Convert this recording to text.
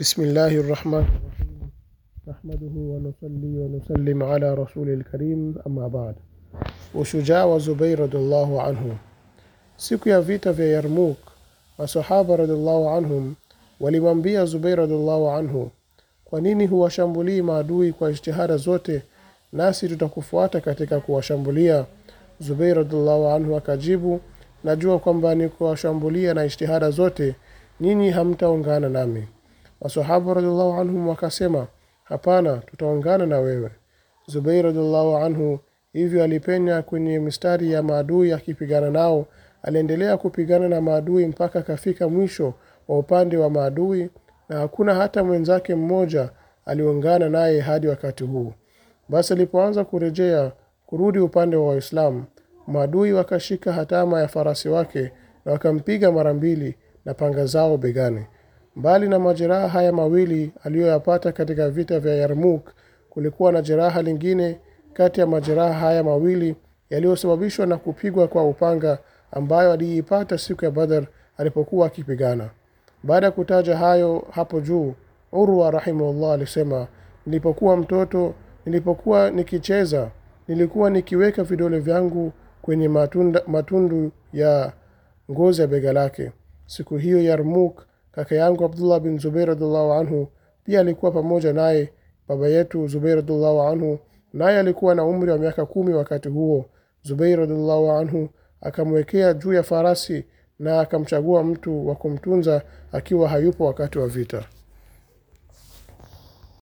بسم الله الرحمن الرحيم نحمده ونصلي ونسلم على رسول الكريم أما بعد وشجاع وزبير رضي الله عنه siku ya vita vya yarmuk masahaba radiallahu anhum walimwambia zubeir radiallahu anhu kwa nini huwashambulii maadui kwa ijtihada zote nasi tutakufuata katika kuwashambulia zubeir radiallahu anhu akajibu najua kwamba ni kuwashambulia na ijtihada zote ninyi hamtaungana nami Masahaba radhiallahu anhum wakasema, hapana, tutaungana na wewe. Zubair radhiallahu anhu hivyo alipenya kwenye mistari ya maadui akipigana nao. Aliendelea kupigana na maadui mpaka akafika mwisho wa upande wa maadui, na hakuna hata mwenzake mmoja aliungana naye hadi wakati huu. Basi alipoanza kurejea kurudi upande wa Waislamu, maadui wakashika hatama ya farasi wake na wakampiga mara mbili na panga zao begani. Mbali na majeraha haya mawili aliyoyapata katika vita vya Yarmouk, kulikuwa na jeraha lingine kati ya majeraha haya mawili yaliyosababishwa na kupigwa kwa upanga ambayo aliipata siku ya Badr alipokuwa akipigana. Baada ya kutaja hayo hapo juu, Urwa rahimahullah alisema, nilipokuwa mtoto, nilipokuwa nikicheza, nilikuwa nikiweka vidole vyangu kwenye matunda, matundu ya ngozi ya bega lake. Siku hiyo Yarmuk Kaka yangu Abdullah bin Zubair radhiallahu anhu pia alikuwa pamoja naye. Baba yetu Zubair radhiallahu anhu naye alikuwa na umri wa miaka kumi wakati huo. Zubair radhiallahu anhu akamwekea juu ya farasi na akamchagua mtu wa kumtunza akiwa hayupo wakati wa vita.